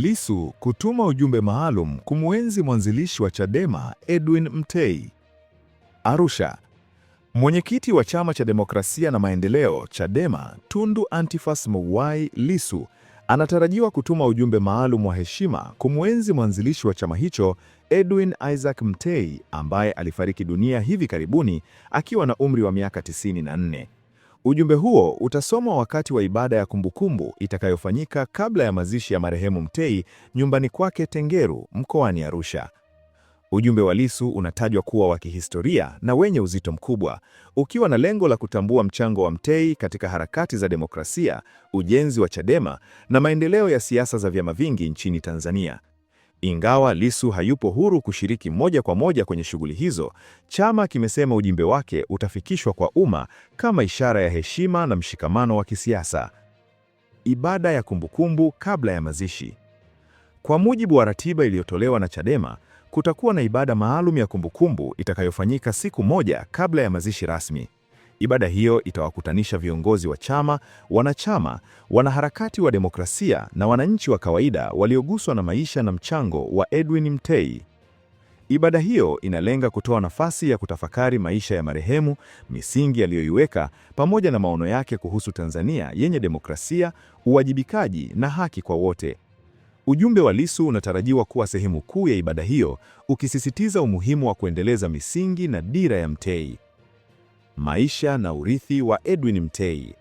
Lissu kutuma ujumbe maalum kumwenzi mwanzilishi wa Chadema Edwin Mtei. Arusha. Mwenyekiti wa Chama cha Demokrasia na Maendeleo Chadema Tundu antifas Mwai Lissu anatarajiwa kutuma ujumbe maalum wa heshima kumwenzi mwanzilishi wa chama hicho Edwin Isaac Mtei ambaye alifariki dunia hivi karibuni akiwa na umri wa miaka 94. Ujumbe huo utasomwa wakati wa ibada ya kumbukumbu itakayofanyika kabla ya mazishi ya marehemu Mtei nyumbani kwake Tengeru mkoani Arusha. Ujumbe wa Lissu unatajwa kuwa wa kihistoria na wenye uzito mkubwa, ukiwa na lengo la kutambua mchango wa Mtei katika harakati za demokrasia, ujenzi wa Chadema na maendeleo ya siasa za vyama vingi nchini Tanzania. Ingawa Lissu hayupo huru kushiriki moja kwa moja kwenye shughuli hizo, chama kimesema ujumbe wake utafikishwa kwa umma kama ishara ya heshima na mshikamano wa kisiasa. Ibada ya kumbukumbu kabla ya mazishi. Kwa mujibu wa ratiba iliyotolewa na Chadema, kutakuwa na ibada maalum ya kumbukumbu itakayofanyika siku moja kabla ya mazishi rasmi. Ibada hiyo itawakutanisha viongozi wa chama, wanachama, wanaharakati wa demokrasia na wananchi wa kawaida walioguswa na maisha na mchango wa Edwin Mtei. Ibada hiyo inalenga kutoa nafasi ya kutafakari maisha ya marehemu, misingi aliyoiweka, pamoja na maono yake kuhusu Tanzania yenye demokrasia, uwajibikaji na haki kwa wote. Ujumbe wa Lissu unatarajiwa kuwa sehemu kuu ya ibada hiyo, ukisisitiza umuhimu wa kuendeleza misingi na dira ya Mtei maisha na urithi wa Edwin Mtei.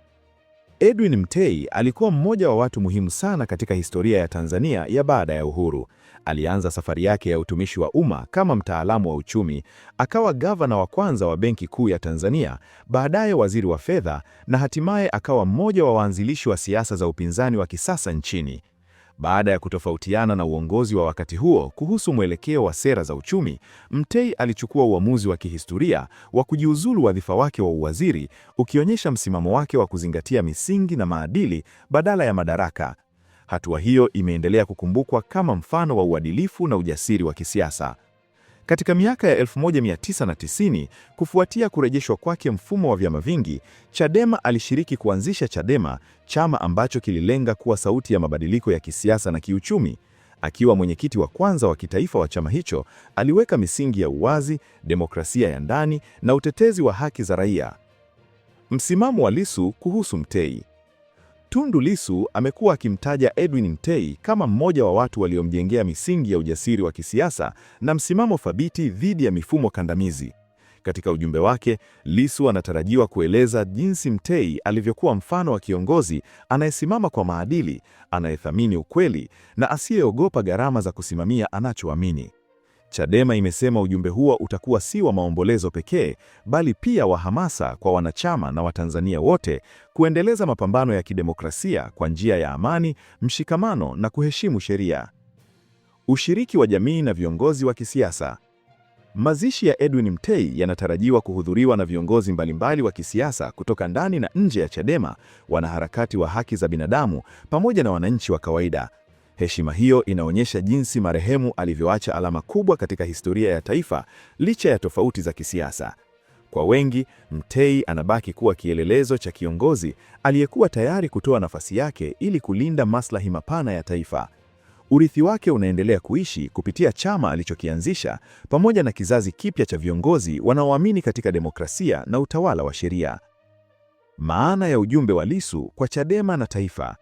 Edwin Mtei alikuwa mmoja wa watu muhimu sana katika historia ya Tanzania ya baada ya uhuru. Alianza safari yake ya utumishi wa umma kama mtaalamu wa uchumi, akawa gavana wa kwanza wa Benki Kuu ya Tanzania, baadaye waziri wa fedha na hatimaye akawa mmoja wa waanzilishi wa siasa za upinzani wa kisasa nchini. Baada ya kutofautiana na uongozi wa wakati huo kuhusu mwelekeo wa sera za uchumi, Mtei alichukua uamuzi wa kihistoria wa kujiuzulu wadhifa wake wa uwaziri, ukionyesha msimamo wake wa kuzingatia misingi na maadili badala ya madaraka. Hatua hiyo imeendelea kukumbukwa kama mfano wa uadilifu na ujasiri wa kisiasa. Katika miaka ya 1990 kufuatia kurejeshwa kwake mfumo wa vyama vingi, Chadema alishiriki kuanzisha Chadema, chama ambacho kililenga kuwa sauti ya mabadiliko ya kisiasa na kiuchumi. Akiwa mwenyekiti wa kwanza wa kitaifa wa chama hicho, aliweka misingi ya uwazi, demokrasia ya ndani na utetezi wa haki za raia. Msimamo wa Lissu kuhusu Mtei. Tundu Lissu amekuwa akimtaja Edwin Mtei kama mmoja wa watu waliomjengea misingi ya ujasiri wa kisiasa na msimamo thabiti dhidi ya mifumo kandamizi. Katika ujumbe wake, Lissu anatarajiwa kueleza jinsi Mtei alivyokuwa mfano wa kiongozi anayesimama kwa maadili, anayethamini ukweli na asiyeogopa gharama za kusimamia anachoamini. Chadema imesema ujumbe huo utakuwa si wa maombolezo pekee, bali pia wa hamasa kwa wanachama na Watanzania wote kuendeleza mapambano ya kidemokrasia kwa njia ya amani, mshikamano na kuheshimu sheria. Ushiriki wa jamii na viongozi wa kisiasa. Mazishi ya Edwin Mtei yanatarajiwa kuhudhuriwa na viongozi mbalimbali wa kisiasa kutoka ndani na nje ya Chadema, wanaharakati wa haki za binadamu pamoja na wananchi wa kawaida. Heshima hiyo inaonyesha jinsi marehemu alivyoacha alama kubwa katika historia ya taifa licha ya tofauti za kisiasa. Kwa wengi, Mtei anabaki kuwa kielelezo cha kiongozi aliyekuwa tayari kutoa nafasi yake ili kulinda maslahi mapana ya taifa. Urithi wake unaendelea kuishi kupitia chama alichokianzisha pamoja na kizazi kipya cha viongozi wanaoamini katika demokrasia na utawala wa sheria. Maana ya ujumbe wa Lissu kwa Chadema na taifa.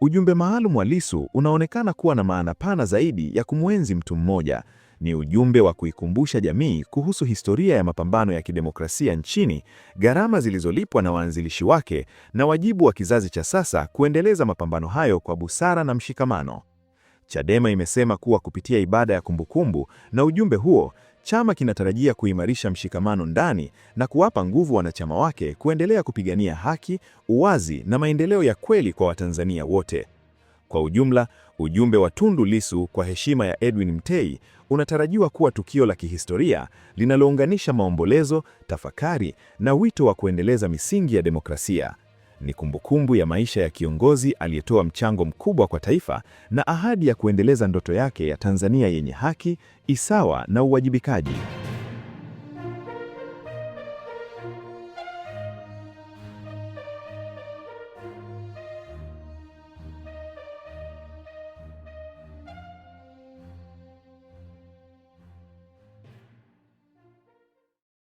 Ujumbe maalum wa Lissu unaonekana kuwa na maana pana zaidi ya kumwenzi mtu mmoja. Ni ujumbe wa kuikumbusha jamii kuhusu historia ya mapambano ya kidemokrasia nchini, gharama zilizolipwa na waanzilishi wake, na wajibu wa kizazi cha sasa kuendeleza mapambano hayo kwa busara na mshikamano. Chadema imesema kuwa kupitia ibada ya kumbukumbu na ujumbe huo Chama kinatarajia kuimarisha mshikamano ndani na kuwapa nguvu wanachama wake kuendelea kupigania haki, uwazi na maendeleo ya kweli kwa Watanzania wote. Kwa ujumla, ujumbe wa Tundu Lissu kwa heshima ya Edwin Mtei unatarajiwa kuwa tukio la kihistoria linalounganisha maombolezo, tafakari na wito wa kuendeleza misingi ya demokrasia ni kumbukumbu ya maisha ya kiongozi aliyetoa mchango mkubwa kwa taifa na ahadi ya kuendeleza ndoto yake ya Tanzania yenye haki, isawa na uwajibikaji.